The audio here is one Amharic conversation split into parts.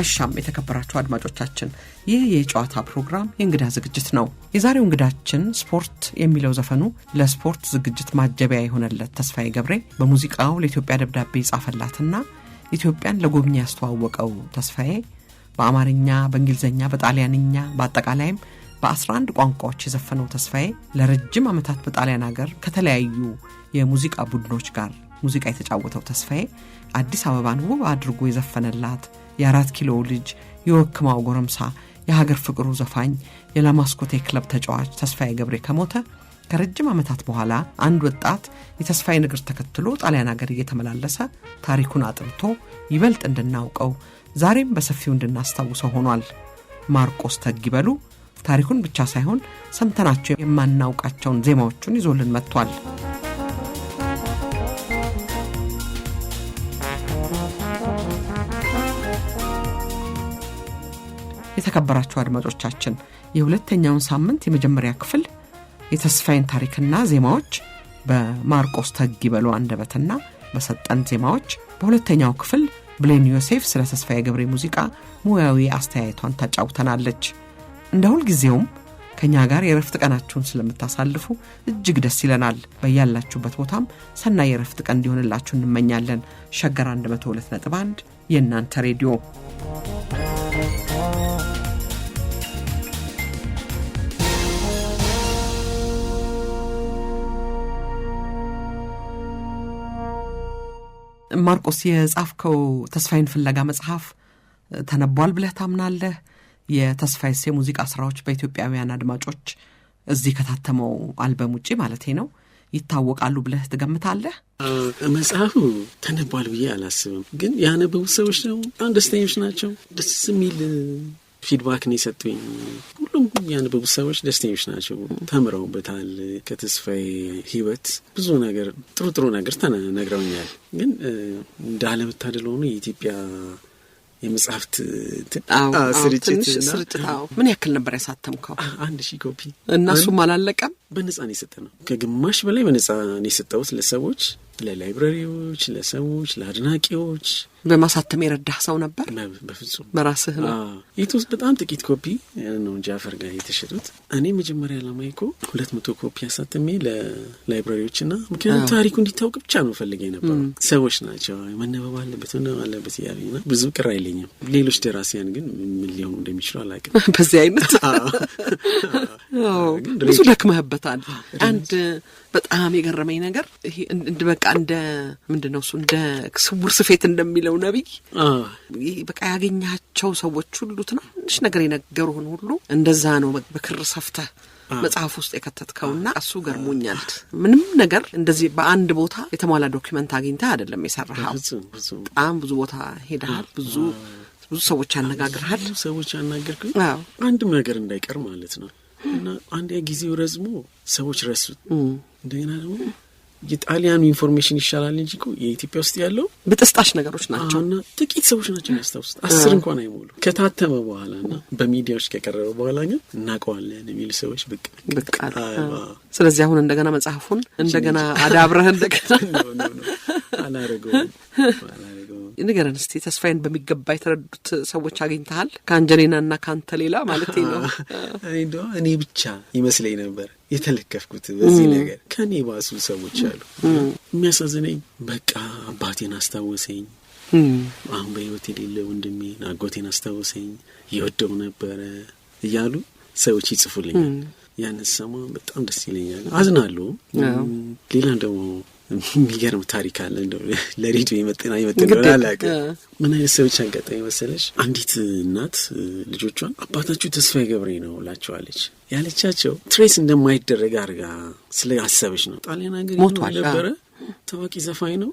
እሻም የተከበራችሁ አድማጮቻችን ይህ የጨዋታ ፕሮግራም የእንግዳ ዝግጅት ነው። የዛሬው እንግዳችን ስፖርት የሚለው ዘፈኑ ለስፖርት ዝግጅት ማጀቢያ የሆነለት ተስፋዬ ገብሬ በሙዚቃው ለኢትዮጵያ ደብዳቤ ይጻፈላትና ኢትዮጵያን ለጎብኝ ያስተዋወቀው ተስፋዬ በአማርኛ፣ በእንግሊዝኛ፣ በጣሊያንኛ በአጠቃላይም በ11 ቋንቋዎች የዘፈነው ተስፋዬ ለረጅም ዓመታት በጣሊያን ሀገር ከተለያዩ የሙዚቃ ቡድኖች ጋር ሙዚቃ የተጫወተው ተስፋዬ አዲስ አበባን ውብ አድርጎ የዘፈነላት የአራት ኪሎ ልጅ የወክማው ጎረምሳ የሀገር ፍቅሩ ዘፋኝ የላማስኮቴ ክለብ ተጫዋች ተስፋዬ ገብሬ ከሞተ ከረጅም ዓመታት በኋላ አንድ ወጣት የተስፋዬን እግር ተከትሎ ጣሊያን ሀገር እየተመላለሰ ታሪኩን አጥንቶ ይበልጥ እንድናውቀው ዛሬም በሰፊው እንድናስታውሰው ሆኗል። ማርቆስ ተጊበሉ ታሪኩን ብቻ ሳይሆን ሰምተናቸው የማናውቃቸውን ዜማዎቹን ይዞልን መጥቷል። የተከበራችሁ አድማጮቻችን የሁለተኛውን ሳምንት የመጀመሪያ ክፍል የተስፋይን ታሪክና ዜማዎች በማርቆስ በሎ አንደበትና በሰጠን ዜማዎች በሁለተኛው ክፍል ብሌን ዮሴፍ ስለ ተስፋ ገብሬ ሙዚቃ ሙያዊ አስተያየቷን ታጫውተናለች። እንደ ሁልጊዜውም ከእኛ ጋር የረፍት ቀናችሁን ስለምታሳልፉ እጅግ ደስ ይለናል። በያላችሁበት ቦታም ሰናይ የረፍት ቀን እንዲሆንላችሁ እንመኛለን። ሸገር 102.1 የእናንተ ሬዲዮ ማርቆስ የጻፍከው ተስፋዬን ፍለጋ መጽሐፍ ተነቧል ብለህ ታምናለህ? የተስፋዬስ የሙዚቃ ስራዎች በኢትዮጵያውያን አድማጮች እዚህ ከታተመው አልበም ውጪ ማለቴ ነው ይታወቃሉ ብለህ ትገምታለህ? መጽሐፉ ተነቧል ብዬ አላስብም፣ ግን ያነበቡ ሰዎች ነው በጣም ደስተኞች ናቸው። ደስ የሚል ፊድባክ ነው የሰጡኝ። ሁሉም ያነበቡት ሰዎች ደስተኞች ናቸው፣ ተምረውበታል። ከተስፋዬ ህይወት ብዙ ነገር ጥሩ ጥሩ ነገር ተነግረውኛል። ግን እንዳለመታደል ሆኖ የኢትዮጵያ የመጽሐፍት ስርጭት ስርጭት ምን ያክል ነበር ያሳተምከው? አንድ ሺህ ኮፒ እና እሱም አላለቀም። በነጻ ነው የሰጠ ነው። ከግማሽ በላይ በነጻ ነው የሰጠሁት ለሰዎች ለላይብራሪዎች፣ ለሰዎች፣ ለአድናቂዎች በማሳተም የረዳህ ሰው ነበር? በፍጹም በራስህ ነው። ኢትዮ ውስጥ በጣም ጥቂት ኮፒ ነው ጃፈር ጋር የተሸጡት። እኔ መጀመሪያ ዓላማዬ እኮ ሁለት መቶ ኮፒ አሳትሜ ለላይብረሪዎች ና ምክንያቱም ታሪኩ እንዲታወቅ ብቻ ነው ፈልጌ ነበር። ሰዎች ናቸው መነበብ አለበት ነው አለበት እያለኝና ብዙ ቅር አይለኝም። ሌሎች ደራሲያን ግን ምን ሊሆኑ እንደሚችሉ አላውቅም። በዚህ አይነት ብዙ ደክመህበታል አንድ በጣም የገረመኝ ነገር ይሄ በቃ እንደ ምንድን ነው እሱ እንደ ስውር ስፌት እንደሚለው ነቢይ በቃ ያገኛቸው ሰዎች ሁሉ ትናንሽ ነገር የነገሩህን ሁሉ እንደዛ ነው በክር ሰፍተህ መጽሐፍ ውስጥ የከተትከውና እሱ ገርሞኛል። ምንም ነገር እንደዚህ በአንድ ቦታ የተሟላ ዶክመንት አግኝተህ አይደለም የሰራኸው። በጣም ብዙ ቦታ ሄደሃል። ብዙ ብዙ ሰዎች ያነጋግርሃል። ሰዎች ያናገርኩኝ አንድም ነገር እንዳይቀር ማለት ነው እና አንድ ጊዜው ረዝሞ ሰዎች ረሱት። እንደገና ደግሞ የጣሊያኑ ኢንፎርሜሽን ይሻላል እንጂ የኢትዮጵያ ውስጥ ያለው ብጥስጣሽ ነገሮች ናቸው እና ጥቂት ሰዎች ናቸው የሚያስታውሱት። አስር እንኳን አይሞሉ ከታተመ በኋላ ና በሚዲያዎች ከቀረበ በኋላ ግን እናውቀዋለን የሚል ሰዎች ብቅ ስለዚህ አሁን እንደገና መጽሐፉን እንደገና አዳብረህ እንደገና አላረገውም ንገረን እስቲ ተስፋዬን በሚገባ የተረዱት ሰዎች አግኝተሃል? ና ከአንተ ሌላ ማለት ነው። እኔ ብቻ ይመስለኝ ነበር የተለከፍኩት በዚህ ነገር። ከኔ ባሱ ሰዎች አሉ። የሚያሳዝነኝ በቃ አባቴን አስታወሰኝ። አሁን በህይወት የሌለ ወንድሜ አጎቴን አስታወሰኝ የወደው ነበረ እያሉ ሰዎች ይጽፉልኛል። ያንን ሰማ በጣም ደስ ይለኛል። አዝናሉ ሌላ ደግሞ የሚገርም ታሪክ አለ። እንደው ለሬዲዮ የመጠና የመጠና አላውቅም። ምን አይነት ሰዎች አጋጣሚ መሰለች አንዲት እናት ልጆቿን አባታችሁ ተስፋዬ ገብሬ ነው ላቸዋለች። ያለቻቸው ትሬስ እንደማይደረግ አርጋ ስለ አሰበች ነው። ጣሊያን ሀገር ነበረ፣ ታዋቂ ዘፋኝ ነው፣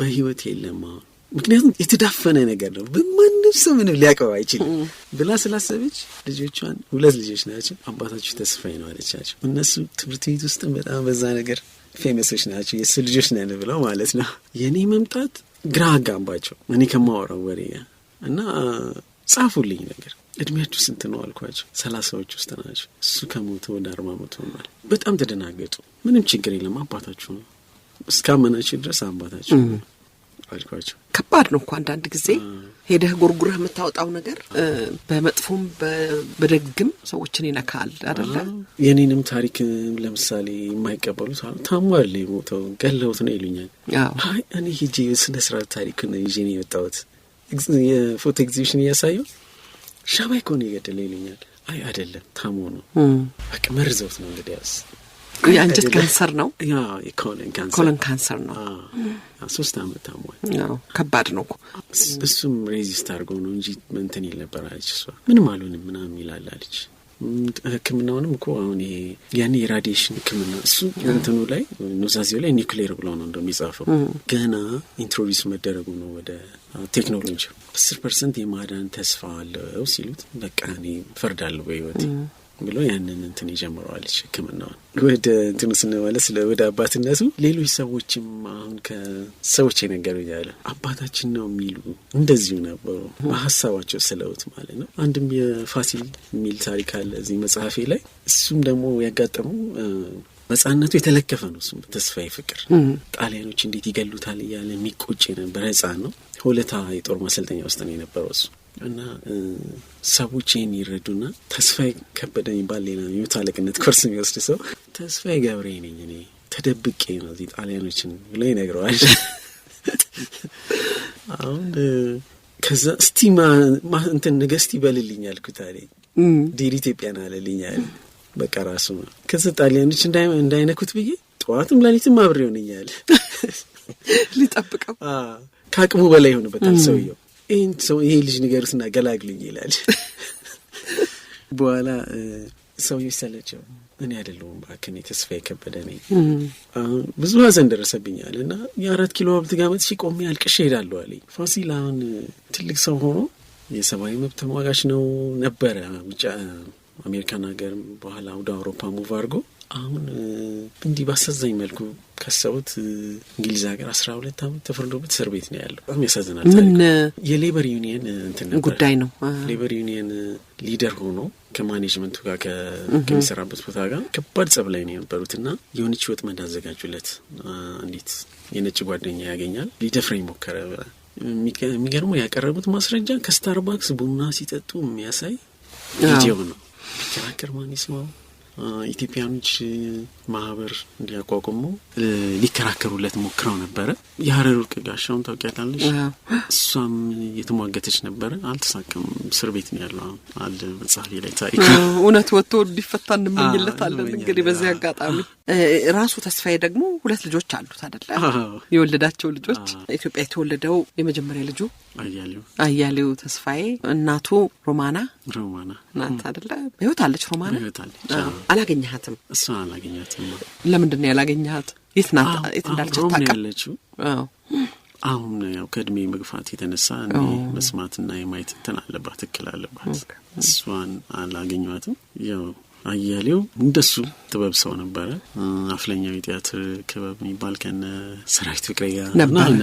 በህይወት የለም አሁን ምክንያቱም የተዳፈነ ነገር ነው፣ በማንም ሰው ምንም ሊያቀው አይችልም ብላ ስላሰበች ልጆቿን፣ ሁለት ልጆች ናቸው፣ አባታችሁ ተስፋ ነው አለቻቸው። እነሱ ትምህርት ቤት ውስጥ በጣም በዛ ነገር ፌመሶች ናቸው፣ የእሱ ልጆች ነን ብለው ማለት ነው። የእኔ መምጣት ግራ አጋባቸው፣ እኔ ከማወራው ወሬ እና ጻፉልኝ ነገር እድሜያችሁ ስንት ነው አልኳቸው። ሰላሳዎች ውስጥ ናቸው። እሱ ከሞተ ወደ አርባ ዓመት ሆኗል። በጣም ተደናገጡ። ምንም ችግር የለም አባታችሁ ነው እስካመናችሁ ድረስ አባታችሁ ነው አልኳቸው። ከባድ ነው እኮ አንዳንድ ጊዜ ሄደህ ጎርጉረህ የምታወጣው ነገር በመጥፎም በደግም ሰዎችን ይነካል አደለ? የኔንም ታሪክ ለምሳሌ የማይቀበሉት ታሟል የሞተው ገለውት ነው ይሉኛል። አይ እኔ ሂጄ ስነ ስርዓት ታሪክ ይዤ ነው የመጣሁት የፎቶ ኤግዚቢሽን እያሳየው ሻማይ ከሆነ ነው ይሉኛል። አይ አደለም፣ ታሞ ነው በቃ መርዘውት ነው እንግዲህ ያስ የአንጀት ካንሰር ነው፣ ኮለን ካንሰር ነው። ሶስት አመት ታሟል። ከባድ ነው። እሱም ሬዚስት አድርገው ነው እንጂ እንትን የለበር አለች እሷ። ምንም አልሆንም ምናም ይላል አለች። ህክምናውንም እኮ አሁን ይሄ ያኔ የራዲሽን ህክምና እሱ እንትኑ ላይ ኑዛዜው ላይ ኒክሌር ብለው ነው እንደሚጻፈው ገና ኢንትሮዲስ መደረጉ ነው ወደ ቴክኖሎጂ። አስር ፐርሰንት የማዳን ተስፋ አለው ሲሉት በቃ እኔ ፈርዳለሁ በህይወት ብሎ ያንን እንትን ይጀምረዋል ሕክምናውን ወደ እንትኑ ስንመለስ ወደ አባትነቱ ሌሎች ሰዎችም አሁን ከሰዎች የነገሩ ያለ አባታችን ነው የሚሉ እንደዚሁ ነበሩ። በሀሳባቸው ስለውት ማለት ነው። አንድም የፋሲል የሚል ታሪክ አለ እዚህ መጽሐፌ ላይ እሱም ደግሞ ያጋጠመው በህጻንነቱ የተለከፈ ነው። እሱም ተስፋዬ ፍቅር ጣሊያኖች እንዴት ይገሉታል እያለ የሚቆጭ የነበረ ህጻን ነው። ሁለታ የጦር ማሰልጠኛ ውስጥ ነው የነበረው እሱ እና ሰዎች ይህን ይረዱና ተስፋዬ ከበደ የሚባል ሌላ የመቶ አለቅነት ኮርስ የሚወስድ ሰው ተስፋዬ ገብሬ ነኝ እኔ ተደብቄ ነው እዚህ ጣሊያኖችን ብሎ ይነግረዋል። አሁን ከዛ እስቲ እንትን ነገ እስቲ በልልኝ አልኩት አለኝ። ዲር ኢትዮጵያን አለልኝ አለ። በቃ ራሱ ነው። ከዛ ጣሊያኖች እንዳይነኩት ብዬ ጠዋትም ለሊትም አብሬ ሆነኛል ልጠብቀው። ከአቅሙ በላይ ይሆንበታል ሰውየው ይህን ሰው ይሄ ልጅ ንገሩትና ገላግሉኝ ይላል። በኋላ ሰው ሰለቸው እኔ አይደለሁም እባክህ እኔ ተስፋዬ ከበደ ነኝ፣ አሁን ብዙ ሀዘን ደረሰብኛል እና የአራት ኪሎ ሀብት ጋር መጥቼ ቆሜ አልቅሼ እሄዳለሁ አለኝ። ፋሲል አሁን ትልቅ ሰው ሆኖ የሰብአዊ መብት ተሟጋች ነው ነበረ። ውጭ አሜሪካን ሀገር በኋላ ወደ አውሮፓ ሙቭ አድርጎ አሁን እንዲህ ባሳዛኝ መልኩ ከሰውት እንግሊዝ ሀገር አስራ ሁለት ዓመት ተፈርዶበት እስር ቤት ነው ያለው። በጣም ያሳዝናል። ምን የሌበር ዩኒየን እንትን ጉዳይ ነው። ሌበር ዩኒየን ሊደር ሆኖ ከማኔጅመንቱ ጋር ከሚሰራበት ቦታ ጋር ከባድ ጸብ ላይ ነው የነበሩት እና የሆነች ወጥመድ አዘጋጁለት። እንዴት የነጭ ጓደኛ ያገኛል ሊደፍረኝ ሞከረ። የሚገርመው ያቀረቡት ማስረጃ ከስታርባክስ ቡና ሲጠጡ የሚያሳይ ቪዲዮ ነው። ቢከራከር ማን ይስማው? ኢትዮጵያኖች ማህበር እንዲያቋቁሙ ሊከራከሩለት ሞክረው ነበረ። የሀረር ወርቅ ጋሻውን ታውቂያታለች እሷም የተሟገተች ነበረ፣ አልተሳካም። እስር ቤት ነው ያለው። አለ መጽሐፊ ላይ ታሪክ እውነት ወጥቶ እንዲፈታ እንመኝለታለን። እንግዲህ በዚህ አጋጣሚ ራሱ ተስፋዬ ደግሞ ሁለት ልጆች አሉት አደለ? የወለዳቸው ልጆች ኢትዮጵያ የተወለደው የመጀመሪያ ልጁ አያሌው አያሌው ተስፋዬ እናቱ ሮማና ሮማና እናት አደለ? በህይወት አለች ሮማና አላገኘሃትም? እሷ አላገኘሃትም። ለምንድን ነው ያላገኘሃት? የት ናት? የት እንዳለችው ታውቃለችው? አሁን ያው ከእድሜ መግፋት የተነሳ እኔ መስማትና የማየት እንትን አለባት፣ እክል አለባት። እሷን አላገኟትም። ያው አያሌው እንደሱ ጥበብ ሰው ነበረ። አፍለኛው የቲያትር ክበብ የሚባል ከነ ሰራዊት ፍቅሬ ጋር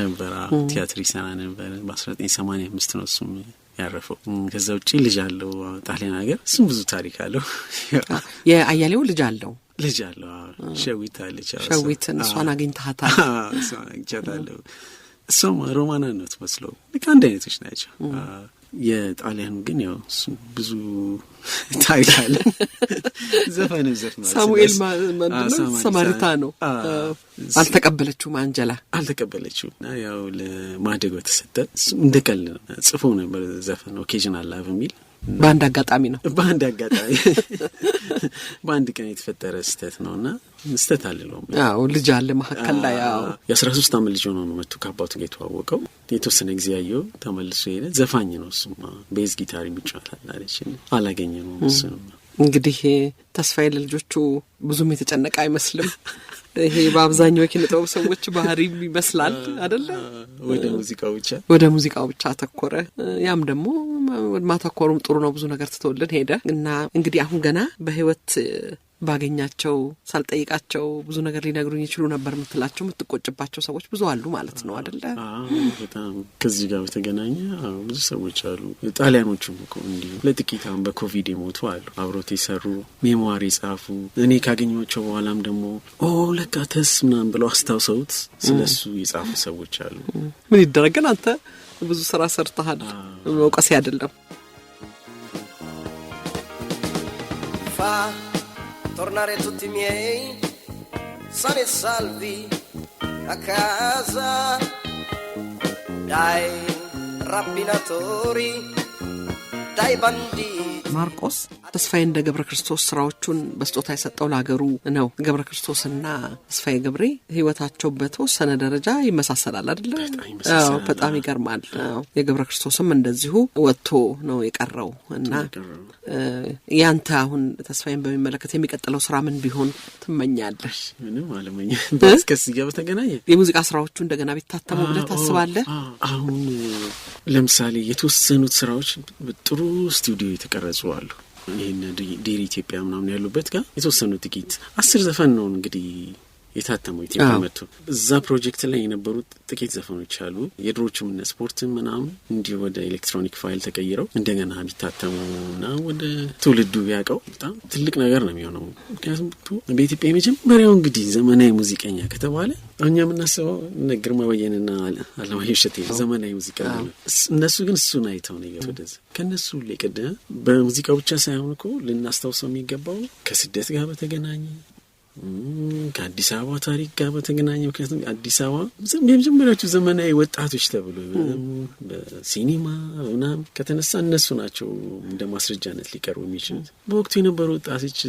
ነበር። ቲያትር ይሰራ ነበር። በአስራ ዘጠኝ ሰማንያ አምስት ነው እሱም ያረፈው። ከዛ ውጭ ልጅ አለው ጣሊያን ሀገር፣ እሱም ብዙ ታሪክ አለው። የአያሌው ልጅ አለው ልጅ አለው ሸዊት አለች። ሸዊትን እሷን አግኝታታል? እሷን አግኝቻታለሁ። እሷም ሮማና ነው ትመስለው። ልክ አንድ አይነቶች ናቸው። የጣሊያን ግን ያው ብዙ ታይታለ ዘፈን ዘፍና ሳሙኤል ሰማሪታ ነው። አልተቀበለችውም፣ አንጀላ አልተቀበለችው እና ያው ለማደጎ ተሰጠ። እንደ ቀልድ ነው ጽፎ ነበር ዘፈን ኦኬዥን አላ በሚል በአንድ አጋጣሚ ነው በአንድ አጋጣሚ በአንድ ቀን የተፈጠረ ስህተት ነው እና ስህተት አልለውም። ልጅ አለ መካከል ላይ የአስራ ሶስት አመት ልጅ ሆነ ነው መጥቶ ከአባቱ ጋር የተዋወቀው የተወሰነ ጊዜ ያየው ተመልሶ ሄደ። ዘፋኝ ነው እሱማ፣ ቤዝ ጊታር የሚጫወታል አለች። አላገኘ ነው እሱ እንግዲህ ተስፋዬ ለልጆቹ ብዙም የተጨነቀ አይመስልም። ይሄ በአብዛኛው የኪነ ጥበብ ሰዎች ባህሪም ይመስላል አደለ? ወደ ሙዚቃው ብቻ ወደ ሙዚቃው ብቻ አተኮረ። ያም ደግሞ ማተኮሩም ጥሩ ነው። ብዙ ነገር ትተውልን ሄደ እና እንግዲህ አሁን ገና በህይወት ባገኛቸው ሳልጠይቃቸው ብዙ ነገር ሊነግሩኝ ይችሉ ነበር የምትላቸው የምትቆጭባቸው ሰዎች ብዙ አሉ ማለት ነው አደለ? በጣም ከዚህ ጋር በተገናኘ ብዙ ሰዎች አሉ። ጣሊያኖቹም እኮ እንዲሁ ለጥቂት አሁን በኮቪድ የሞቱ አሉ። አብሮት የሰሩ ሜሞዋሪ የጻፉ እኔ ካገኘቸው በኋላም ደግሞ ኦ ለካ ተስ ምናም ብለው አስታውሰውት ስለሱ የጻፉ ሰዎች አሉ። ምን ይደረግን አንተ ብዙ ስራ ሰርተሃል፣ መውቀሴ አይደለም። tornare tutti miei, sani e salvi a casa dai rapinatori, dai banditi ማርቆስ ተስፋዬ እንደ ገብረ ክርስቶስ ስራዎቹን በስጦታ የሰጠው ለሀገሩ ነው። ገብረ ክርስቶስና ተስፋዬ ገብሬ ህይወታቸው በተወሰነ ደረጃ ይመሳሰላል አይደለ? በጣም ይገርማል። የገብረ ክርስቶስም እንደዚሁ ወጥቶ ነው የቀረው እና ያንተ አሁን ተስፋዬን በሚመለከት የሚቀጥለው ስራ ምን ቢሆን ትመኛለሽ? ምንም አለመኛ በተገናኘ የሙዚቃ ስራዎቹ እንደገና ቢታተሙ ብለህ ታስባለህ? አሁን ለምሳሌ የተወሰኑት ስራዎች ጥሩ ስቱዲዮ የተቀረጹ አሉ። ይህን ዴር ኢትዮጵያ ምናምን ያሉበት ጋር የተወሰኑ ጥቂት አስር ዘፈን ነው እንግዲህ የታተሙ ኢትዮጵያ መጥቶ እዛ ፕሮጀክት ላይ የነበሩ ጥቂት ዘፈኖች አሉ። የድሮቹም እነ ስፖርትን ምናምን እንዲሁ ወደ ኤሌክትሮኒክ ፋይል ተቀይረው እንደገና ቢታተሙ እና ወደ ትውልዱ ቢያውቀው በጣም ትልቅ ነገር ነው የሚሆነው። ምክንያቱም በኢትዮጵያ የመጀመሪያው እንግዲህ ዘመናዊ ሙዚቀኛ ከተባለ እኛ የምናስበው እነ ግርማ በየንና አለማየሁ እሸቴ ዘመናዊ ሙዚቃ እነሱ ግን እሱን አይተው ነው ይገ ወደዚ ከእነሱ ሌቅደ በሙዚቃ ብቻ ሳይሆን እኮ ልናስታውሰው የሚገባው ከስደት ጋር በተገናኘ ከአዲስ አበባ ታሪክ ጋር በተገናኘ ምክንያቱም አዲስ አበባ የመጀመሪያዎቹ ዘመናዊ ወጣቶች ተብሎ በሲኒማ ምናምን ከተነሳ እነሱ ናቸው እንደ ማስረጃነት ሊቀርቡ የሚችሉት። በወቅቱ የነበሩ ወጣቶች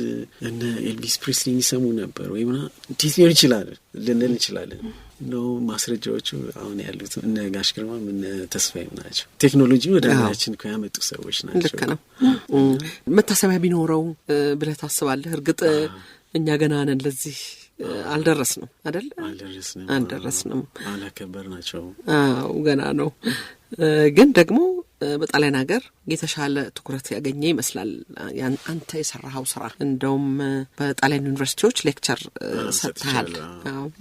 እነ ኤልቪስ ፕሪስሊ ይሰሙ ነበር ወይ ምናምን እንዴት ሊሆን ይችላል ልንል እንችላለን። እንደው ማስረጃዎቹ አሁን ያሉት እነ ጋሽ ግርማ እነ ተስፋዬም ናቸው። ቴክኖሎጂ ወደ ሀገራችን እኮ ያመጡ ሰዎች ናቸው። ልክ ነው። መታሰቢያ ቢኖረው ብለህ ታስባለህ? እርግጥ እኛ ገና ነን፣ ለዚህ አልደረስንም አይደል? አልደረስንም፣ አላከበር ናቸው። አው ገና ነው። ግን ደግሞ በጣሊያን ሀገር የተሻለ ትኩረት ያገኘ ይመስላል። አንተ የሰራኸው ስራ እንደውም በጣሊያን ዩኒቨርሲቲዎች ሌክቸር ሰጥተሃል።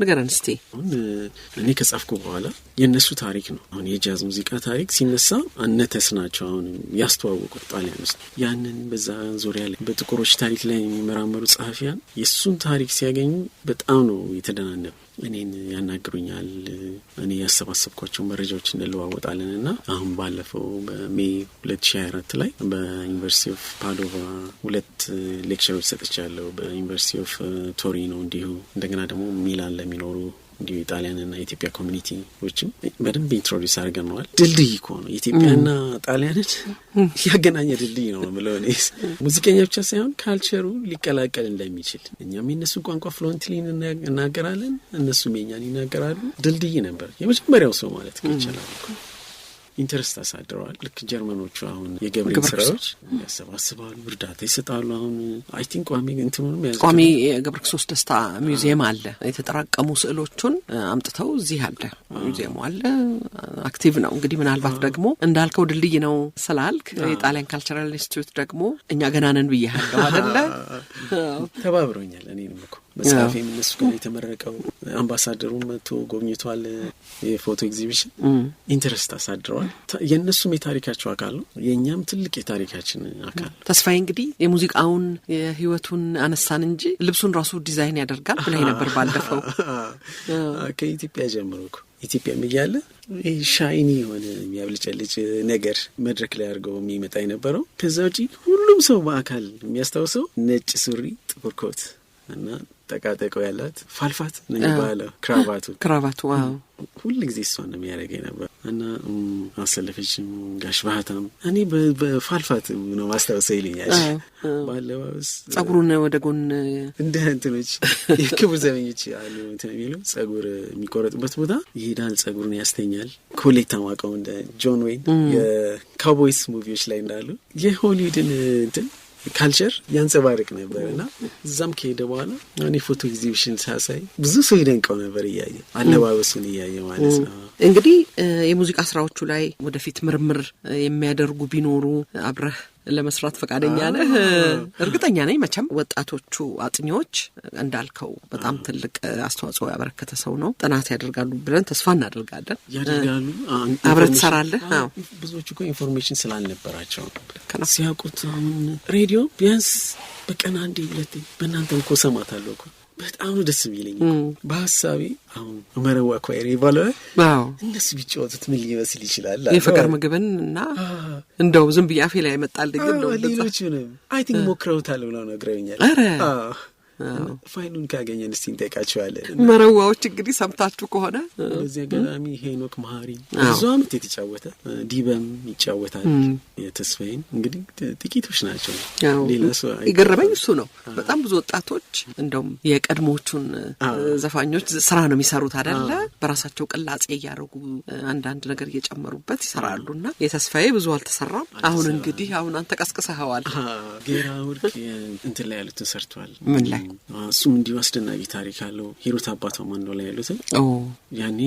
ንገረን እስቲ። አሁን እኔ ከጻፍኩ በኋላ የእነሱ ታሪክ ነው። አሁን የጃዝ ሙዚቃ ታሪክ ሲነሳ አነተስ ናቸው አሁን ያስተዋወቁት ጣሊያን ውስጥ ያንን በዛ ዙሪያ ላይ በጥቁሮች ታሪክ ላይ የሚመራመሩ ጸሐፊያን የእሱን ታሪክ ሲያገኙ በጣም ነው የተደናነብ እኔን ያናግሩኛል። እኔ ያሰባሰብኳቸው መረጃዎች እንለዋወጣለን እና አሁን ባለፈው በሜ ሁለት ሺ ሀያ አራት ላይ በዩኒቨርሲቲ ኦፍ ፓዶቫ ሁለት ሌክቸሮች ሰጥቻለሁ። በዩኒቨርሲቲ ኦፍ ቶሪኖ እንዲሁ እንደገና ደግሞ ሚላን ለሚኖሩ እንዲሁ የጣሊያንና የኢትዮጵያ ኮሚኒቲዎችም በደንብ ኢንትሮዲስ አድርገነዋል። ድልድይ እኮ ነው ኢትዮጵያና ጣሊያንን ያገናኘ ድልድይ ነው የምለው እኔ። ሙዚቀኛ ብቻ ሳይሆን ካልቸሩ ሊቀላቀል እንደሚችል እኛም የነሱ ቋንቋ ፍሎንትሊ እናገራለን፣ እነሱም የኛን ይናገራሉ። ድልድይ ነበር የመጀመሪያው ሰው ማለት ይቻላል። ኢንተረስት አሳድረዋል። ልክ ጀርመኖቹ አሁን የገብሬን ስራዎች ያሰባስባሉ፣ እርዳታ ይሰጣሉ። አሁን አይ ቲንክ ቋሚ እንትኑንም ያዘ ቋሚ የገብረ ክርስቶስ ደስታ ሚውዚየም አለ። የተጠራቀሙ ስዕሎቹን አምጥተው እዚህ አለ፣ ሚውዚየሙ አለ፣ አክቲቭ ነው። እንግዲህ ምናልባት ደግሞ እንዳልከው ድልድይ ነው ስላልክ የጣሊያን ካልቸራል ኢንስቲትዩት ደግሞ እኛ ገናነን ብያለሁ አደለ ተባብሮኛል እኔ እኮ መጽሐፍ የምነሱ ጋር የተመረቀው አምባሳደሩ መቶ ጎብኝቷል። የፎቶ ኤግዚቢሽን ኢንትረስት አሳድረዋል። የእነሱም የታሪካቸው አካል ነው፣ የእኛም ትልቅ የታሪካችን አካል ነው። ተስፋዬ እንግዲህ የሙዚቃውን የህይወቱን አነሳን እንጂ ልብሱን ራሱ ዲዛይን ያደርጋል ብለ ነበር ባለፈው ከኢትዮጵያ ጀምሮ ኢትዮጵያም እያለ ይህ ሻይኒ የሆነ የሚያብልጨልጭ ነገር መድረክ ላይ አድርገው የሚመጣ የነበረው። ከዛ ውጪ ሁሉም ሰው በአካል የሚያስታውሰው ነጭ ሱሪ፣ ጥቁር ኮት እና ጠቃጠቀው ያላት ፋልፋት ነው የሚባለው ክራቫቱ ክራቫቱ ሁል ጊዜ እሷ ነው የሚያደርገኝ ነበር እና አሰለፈችም ጋሽ ባህታም እኔ በፋልፋት ነው ማስታወሰ ይልኛል ባለባበስ ጸጉሩን ወደ ጎን እንደ እንትኖች የክቡር ዘመኞች አሉ እንትን የሚሉ ጸጉር የሚቆረጥበት ቦታ ይሄዳል፣ ጸጉሩን ያስተኛል። ኮሌታ ማቀው እንደ ጆን ወይን የካውቦይስ ሙቪዎች ላይ እንዳሉ የሆሊውድን እንትን ካልቸር ያንጸባርቅ ነበር እና እዛም ከሄደ በኋላ እኔ ፎቶ ኤግዚቢሽን ሳሳይ ብዙ ሰው ይደንቀው ነበር እያየ አለባበሱን እያየ ማለት ነው። እንግዲህ የሙዚቃ ስራዎቹ ላይ ወደፊት ምርምር የሚያደርጉ ቢኖሩ አብረህ ለመስራት ፈቃደኛ ነህ? እርግጠኛ ነኝ መቼም ወጣቶቹ አጥኚዎች እንዳልከው በጣም ትልቅ አስተዋጽኦ ያበረከተ ሰው ነው። ጥናት ያደርጋሉ ብለን ተስፋ እናደርጋለን። ያደርጋሉ። አብረህ ትሰራለህ። ብዙዎቹ እኮ ኢንፎርሜሽን ስላልነበራቸው ሲያውቁት አሁን ሬዲዮ ቢያንስ በቀን አንዴ ሁለቴ በእናንተ እኮ ሰማታለሁ እኮ በጣም ነው ደስ የሚለኝ። በሀሳቤ አሁን መረዋ ኳይር ይባላል እነሱ ቢጫወቱት ምን ሊመስል ይችላል? የፍቅር ምግብን እና እንደው ዝም ብዬ ላይ መጣል ግን ሌሎችንም አይ ቲንክ ሞክረውታል ብለው ነግረውኛል። ፋይሉን ካገኘን እስቲ እንጠይቃቸዋለን። መረዋዎች እንግዲህ ሰምታችሁ ከሆነ በዚህ አጋጣሚ ሄኖክ መሀሪ ብዙ አመት የተጫወተ ዲበም ይጫወታል። የተስፋዬን እንግዲህ ጥቂቶች ናቸው። ሌላ ሰው የገረመኝ እሱ ነው። በጣም ብዙ ወጣቶች እንደውም የቀድሞቹን ዘፋኞች ስራ ነው የሚሰሩት አደለ? በራሳቸው ቅላጼ እያደረጉ አንዳንድ ነገር እየጨመሩበት ይሰራሉ። እና የተስፋዬ ብዙ አልተሰራም። አሁን እንግዲህ አሁን አንተ ቀስቅሰኸዋል። ጌራ ወርቅ እንትን ላይ ያሉትን ሰርተዋል። ምን ላይ እሱም እንዲሁ አስደናቂ ታሪክ አለው። ሂሩት አባቷ ማንዶ ላይ ያሉት ያኔ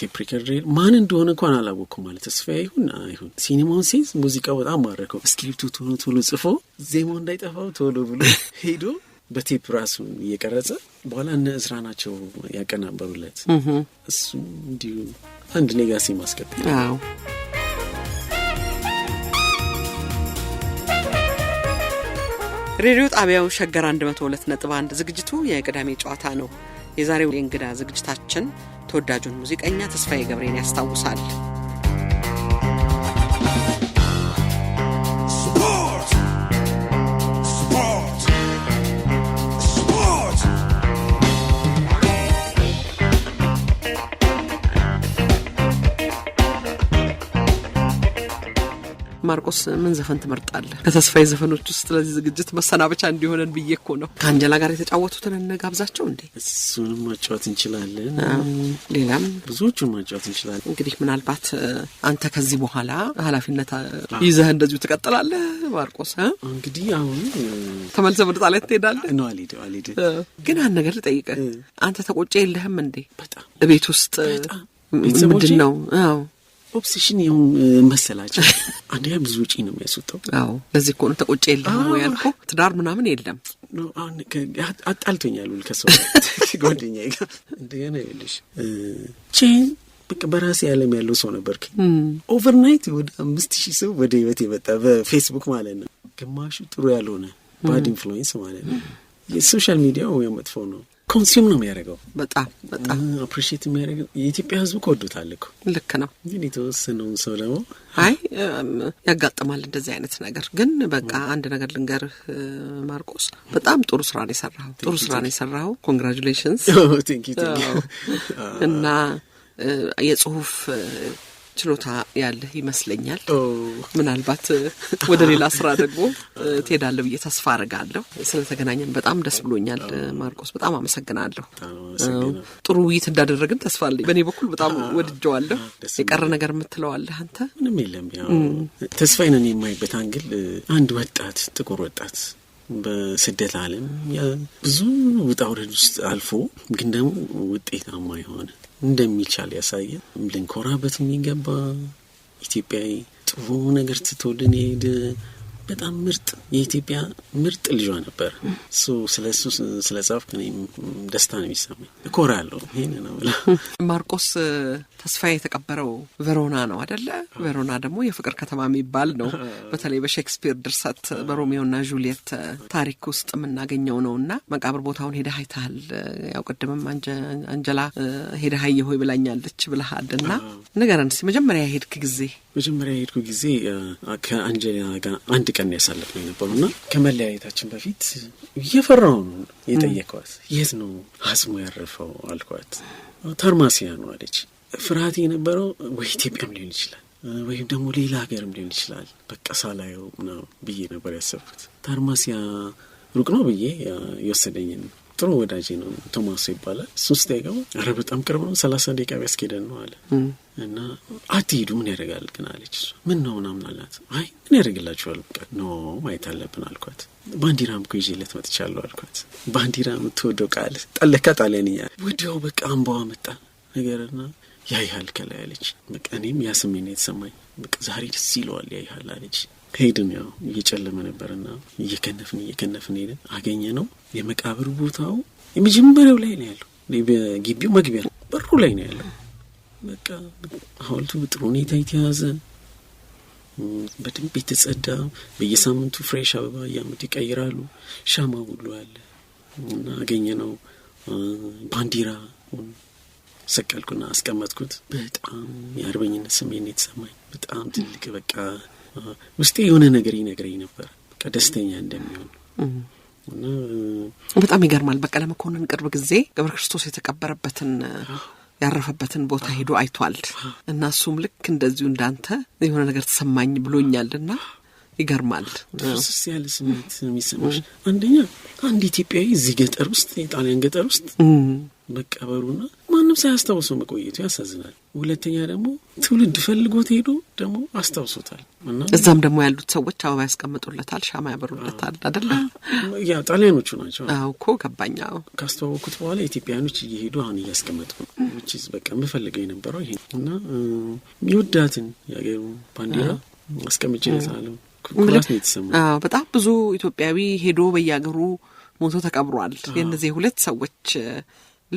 ቴፕሪከር ማን እንደሆነ እንኳን አላወቅኩም። ማለት ተስፋዬ ይሁን አይሁን ሲኒማውን ሴንስ ሙዚቃው በጣም ማረከው። ስክሪፕቱ ቶሎ ቶሎ ጽፎ ዜማው እንዳይጠፋው ቶሎ ብሎ ሄዶ በቴፕ ራሱን እየቀረጸ በኋላ እነ እዝራ ናቸው ያቀናበሩለት። እሱም እንዲሁ አንድ ሌጋሲ ማስቀጠል ሬዲዮ ጣቢያው ሸገር 1 ዝግጅቱ የቅዳሜ ጨዋታ ነው። የዛሬው የእንግዳ ዝግጅታችን ተወዳጁን ሙዚቀኛ ተስፋዬ ገብሬን ያስታውሳል። ማርቆስ ምን ዘፈን ትመርጣለህ? ከተስፋዬ ዘፈኖች ውስጥ ለዚህ ዝግጅት መሰናበቻ እንዲሆነን ብዬ እኮ ነው። ከአንጀላ ጋር የተጫወቱትን እንጋብዛቸው እንዴ? እሱንም ማጫወት እንችላለን። ሌላም ብዙዎቹን ማጫወት እንችላለን። እንግዲህ ምናልባት አንተ ከዚህ በኋላ ኃላፊነት ይዘህ እንደዚሁ ትቀጥላለህ ማርቆስ። እንግዲህ አሁን ተመልሰ ወደ ላይ ትሄዳለህ? አልሄድም አልሄድም። ግን አንድ ነገር ልጠይቅህ፣ አንተ ተቆጨ የለህም እንዴ? በጣም እቤት ውስጥ ምንድን ነው? አዎ ኦብሴሽን ይሁን መሰላቸው አንደኛ ብዙ ውጪ ነው የሚያስወጣው። አዎ ለዚህ ከሆነ ተቆጭ የለም ወይ ያልኩ ትዳር ምናምን የለም አጣልቶኛል ውል ከሰው ጓደኛ ጋር እንደገና ይልሽ ቼን በቃ በራሴ አለም ያለው ሰው ነበርክ። ኦቨርናይት ወደ አምስት ሺህ ሰው ወደ ህይወት የመጣ በፌስቡክ ማለት ነው። ግማሹ ጥሩ ያልሆነ ባድ ኢንፍሉዌንስ ማለት ነው። የሶሻል ሚዲያ ያው መጥፎ ነው። ኮንሱም ነው የሚያደርገው። በጣም በጣም አፕሪሺየት የሚያደርገው የኢትዮጵያ ህዝብ ከወዱታል እኮ ልክ ነው። ግን የተወሰነውን ሰው ደግሞ አይ ያጋጥማል እንደዚህ አይነት ነገር። ግን በቃ አንድ ነገር ልንገርህ ማርቆስ፣ በጣም ጥሩ ስራ ነው የሰራው ጥሩ ስራ ነው የሰራው ኮንግራጁሌሽንስ oh, እና የጽሁፍ ችሎታ ያለህ ይመስለኛል። ምናልባት ወደ ሌላ ስራ ደግሞ ትሄዳለህ ብዬ ተስፋ አርጋለሁ። ስለተገናኘን በጣም ደስ ብሎኛል ማርቆስ፣ በጣም አመሰግናለሁ። ጥሩ ውይይት እንዳደረግን ተስፋ አለኝ። በእኔ በኩል በጣም ወድጀዋለሁ። የቀረ ነገር የምትለዋለህ አንተ? ምንም የለም። ያው ተስፋዬን የማይበት አንግል አንድ ወጣት ጥቁር ወጣት በስደት ዓለም ብዙ ውጣ ውረድ ውስጥ አልፎ ግን ደግሞ ውጤታማ የሆነ እንደሚቻል ያሳያል። ልንኮራበት የሚገባ ኢትዮጵያዊ ጥሩ ነገር ትቶልን የሄደ በጣም ምርጥ የኢትዮጵያ ምርጥ ልጇ ነበር። እሱ ስለ እሱ ስለ ጻፍኩ እኔም ደስታ ነው የሚሰማኝ፣ እኮራለሁ። ይህን ነው ብላ ማርቆስ ተስፋዬ የተቀበረው ቬሮና ነው አደለ? ቬሮና ደግሞ የፍቅር ከተማ የሚባል ነው። በተለይ በሼክስፒር ድርሰት በሮሚዮና ጁልየት ታሪክ ውስጥ የምናገኘው ነው እና መቃብር ቦታውን ሄደህ አይተሃል። ያው ቅድምም አንጀላ ሄደህ አየሁ ብላኛለች ብለሃል እና ንገረን እስኪ መጀመሪያ የሄድክ ጊዜ መጀመሪያ የሄድኩ ጊዜ ከአንጀሊና ጋር አንድ ቀን ያሳለፍ ነው የነበሩ እና ከመለያየታችን በፊት እየፈራው ነው የጠየቀዋት የት ነው አስሙ ያረፈው አልኳት። ታርማሲያ ነው አለች። ፍርሃት የነበረው ወይ ኢትዮጵያም ሊሆን ይችላል ወይም ደግሞ ሌላ ሀገርም ሊሆን ይችላል በቃ ሳላየው ብዬ ነበር ያሰብኩት። ታርማሲያ ሩቅ ነው ብዬ የወሰደኝን ጥሩ ወዳጅ ነው ቶማስ ይባላል። እሱ እሱን ስጠይቀው ኧረ በጣም ቅርብ ነው ሰላሳ ደቂቃ ቢያስኬደን ነው አለ እና አትሄዱ ምን ያደርጋል ግን አለች። ምን ነው ምናምን አላት። አይ ምን ያደርግላችኋል በቃ ኖ ማየት አለብን አልኳት። ባንዲራም እኮ ይዤለት መጥቻለሁ አልኳት። ባንዲራ የምትወደው ቃል ጠለካ ጣሊያንኛ ወዲያው በቃ አንበዋ መጣ ነገርና ያይሃል ከላይ አለች። በቃ እኔም ያ ስሜን የተሰማኝ ዛሬ ደስ ይለዋል ያይሃል አለች። ሄድን። ያው እየጨለመ ነበርና እየከነፍን እየከነፍን ሄድን። አገኘ ነው የመቃብር ቦታው የመጀመሪያው ላይ ነው ያለው። በግቢው መግቢያ በሩ ላይ ነው ያለው። በቃ ሀውልቱ በጥሩ ሁኔታ የተያዘ በደንብ የተጸዳ፣ በየሳምንቱ ፍሬሽ አበባ እያመጡ ይቀይራሉ። ሻማ ሁሉ አለ እና አገኘ ነው ባንዲራ ሰቀልኩና አስቀመጥኩት። በጣም የአርበኝነት ስሜን የተሰማኝ። በጣም ትልቅ በቃ ውስጤ የሆነ ነገር ይነግረኝ ነበር ደስተኛ እንደሚሆን በጣም ይገርማል። በቀለ መኮንን ቅርብ ጊዜ ገብረ ክርስቶስ የተቀበረበትን ያረፈበትን ቦታ ሄዶ አይቷል እና እሱም ልክ እንደዚሁ እንዳንተ የሆነ ነገር ተሰማኝ ብሎኛል ና ይገርማል። ደርሰስ ያለ ስሜት የሚሰማሽ አንደኛ አንድ ኢትዮጵያዊ እዚህ ገጠር ውስጥ የጣሊያን ገጠር ውስጥ መቀበሩና ሁሉም ሳያስታውሰው መቆየቱ ያሳዝናል። ሁለተኛ ደግሞ ትውልድ ፈልጎት ሄዶ ደግሞ አስታውሶታል። እዛም ደግሞ ያሉት ሰዎች አበባ ያስቀምጡለታል፣ ሻማ ያበሩለታል። አደለ ያ ጣሊያኖቹ ናቸው። አዎ እኮ ገባኛ። ካስተዋወኩት በኋላ ኢትዮጵያኖች እየሄዱ አሁን እያስቀመጡ ች በቃ የምፈልገው የነበረው ይሄ እና የወዳትን የአገሩ ባንዲራ አስቀምጭ ኩራት ነው የተሰማው። በጣም ብዙ ኢትዮጵያዊ ሄዶ በየአገሩ ሞቶ ተቀብሯል። የእነዚህ ሁለት ሰዎች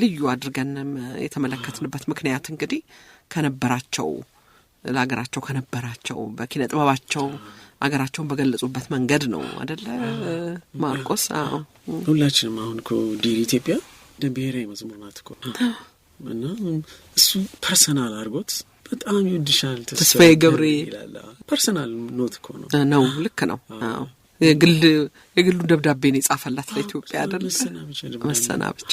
ልዩ አድርገንም የተመለከትንበት ምክንያት እንግዲህ ከነበራቸው ለሀገራቸው ከነበራቸው በኪነ ጥበባቸው ሀገራቸውን በገለጹበት መንገድ ነው አደለ ማርቆስ? ሁላችንም አሁን እኮ ዲር ኢትዮጵያ ብሔራዊ መዝሙር ናት እኮ እና እሱ ፐርሰናል አድርጎት በጣም ይወድሻል ተስፋዬ ገብሬ ፐርሰናል ኖት እኮ ነው ነው ልክ ነው። የግሉን ደብዳቤ ነው የጻፈላት ለኢትዮጵያ አይደል? መሰናብቻ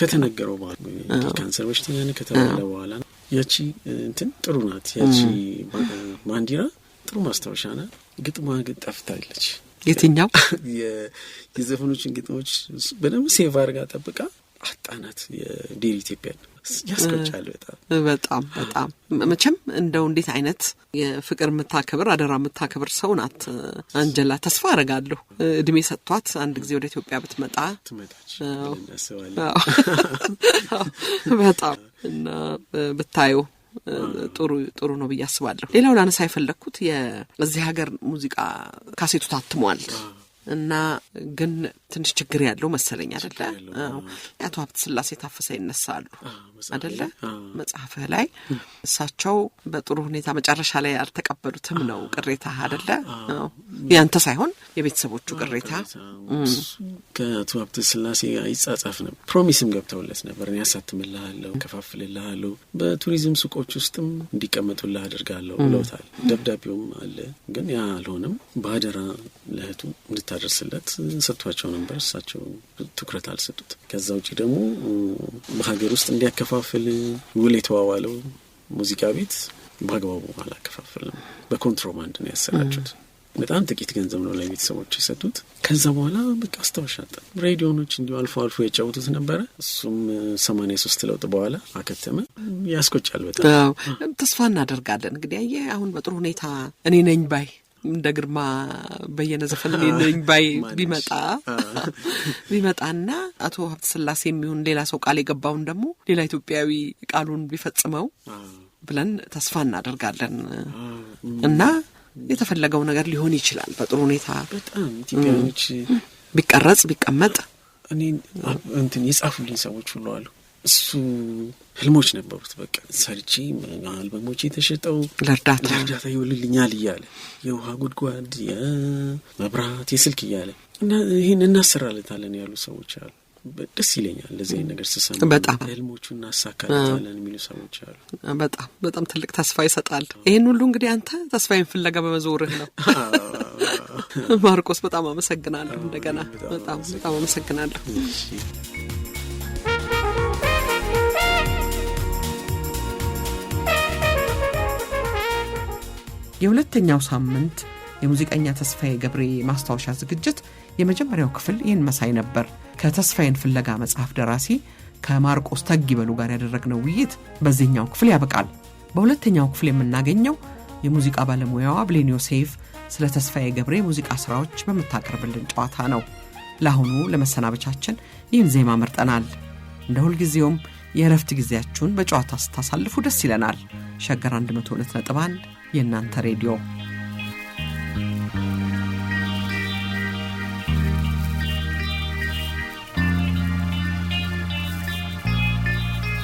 ከተነገረው በኋላ ካንሰር በሽተኛ ከተባለ በኋላ ያቺ እንትን ጥሩ ናት። ያቺ ባንዲራ ጥሩ ማስታወሻ ናት። ግጥሟ ግን ጠፍታለች። የትኛው የዘፈኖችን ግጥሞች በደንብ ሴቭ ጠብቃ አጣናት። የዴር ኢትዮጵያ ያስቆጫል። በጣም በጣም በጣም መቼም እንደው እንዴት አይነት የፍቅር የምታከብር አደራ የምታከብር ሰው ናት አንጀላ። ተስፋ አረጋለሁ እድሜ ሰጥቷት አንድ ጊዜ ወደ ኢትዮጵያ ብትመጣ በጣም እና ብታየው ጥሩ ጥሩ ነው ብዬ አስባለሁ። ሌላው ላነሳ የፈለግኩት የዚህ ሀገር ሙዚቃ ካሴቱ ታትሟል እና ግን ትንሽ ችግር ያለው መሰለኝ አደለ? የአቶ ሀብት ስላሴ ታፈሰ ይነሳሉ አደለ? መጽሐፍህ ላይ እሳቸው በጥሩ ሁኔታ መጨረሻ ላይ አልተቀበሉትም ነው ቅሬታ አደለ? ያንተ ሳይሆን የቤተሰቦቹ ቅሬታ። ከአቶ ሀብት ስላሴ አይጻጻፍ ነበር። ፕሮሚስም ገብተውለት ነበር፣ እኔ ያሳትምልሃለሁ፣ ከፋፍልልሃለሁ፣ በቱሪዝም ሱቆች ውስጥም እንዲቀመጡልህ አድርጋለሁ ብለውታል። ደብዳቤውም አለ፣ ግን ያ አልሆነም። በአደራ ለእህቱ እንድታደርስለት ሰጥቷቸው ነው ነበር። እሳቸው ትኩረት አልሰጡት። ከዛ ውጭ ደግሞ በሀገር ውስጥ እንዲያከፋፍል ውል የተዋዋለው ሙዚቃ ቤት በአግባቡ አላከፋፍልም። በኮንትሮባንድ ነው ያሰራጩት። በጣም ጥቂት ገንዘብ ነው ለቤተሰቦች የሰጡት። ከዛ በኋላ በቃ አስታወሻ አጣን። ሬዲዮኖች እንዲ አልፎ አልፎ የጫወቱት ነበረ። እሱም ሰማንያ ሶስት ለውጥ በኋላ አከተመ። ያስቆጫል በጣም ተስፋ እናደርጋለን። እንግዲህ አየ አሁን በጥሩ ሁኔታ እኔ ነኝ ባይ እንደ ግርማ በየነ ዘፈን ነኝ ባይ ቢመጣ ቢመጣና አቶ ሀብት ስላሴ የሚሆን ሌላ ሰው ቃል የገባውን ደግሞ ሌላ ኢትዮጵያዊ ቃሉን ቢፈጽመው ብለን ተስፋ እናደርጋለን እና የተፈለገው ነገር ሊሆን ይችላል። በጥሩ ሁኔታ ቢቀረጽ ቢቀመጥ እኔ እንትን የጻፉልኝ ሰዎች ሁሉ አሉ እሱ ህልሞች ነበሩት። በቃ ሰርቼ አልበሞች የተሸጠው ለእርዳታ ለእርዳታ ይውልልኛል እያለ የውሃ ጉድጓድ፣ የመብራት፣ የስልክ እያለ ይህን እናሰራለታለን ያሉ ሰዎች አሉ። ደስ ይለኛል እንደዚህ አይነት ነገር ስሰማ። በጣም ህልሞቹ እናሳካለታለን የሚሉ ሰዎች አሉ። በጣም በጣም ትልቅ ተስፋ ይሰጣል። ይህን ሁሉ እንግዲህ አንተ ተስፋዬን ፍለጋ በመዞርህ ነው። ማርቆስ በጣም አመሰግናለሁ። እንደገና በጣም በጣም አመሰግናለሁ። የሁለተኛው ሳምንት የሙዚቀኛ ተስፋዬ ገብሬ ማስታወሻ ዝግጅት የመጀመሪያው ክፍል ይህን መሳይ ነበር። ከተስፋዬን ፍለጋ መጽሐፍ ደራሲ ከማርቆስ ተግ ተግይበሉ ጋር ያደረግነው ውይይት በዚህኛው ክፍል ያበቃል። በሁለተኛው ክፍል የምናገኘው የሙዚቃ ባለሙያዋ ብሌን ዮሴፍ ስለ ተስፋዬ ገብሬ ሙዚቃ ሥራዎች በምታቀርብልን ጨዋታ ነው። ለአሁኑ ለመሰናበቻችን ይህን ዜማ መርጠናል። እንደ ሁልጊዜውም የእረፍት ጊዜያችሁን በጨዋታ ስታሳልፉ ደስ ይለናል። ሸገር 102.1 የእናንተ ሬዲዮ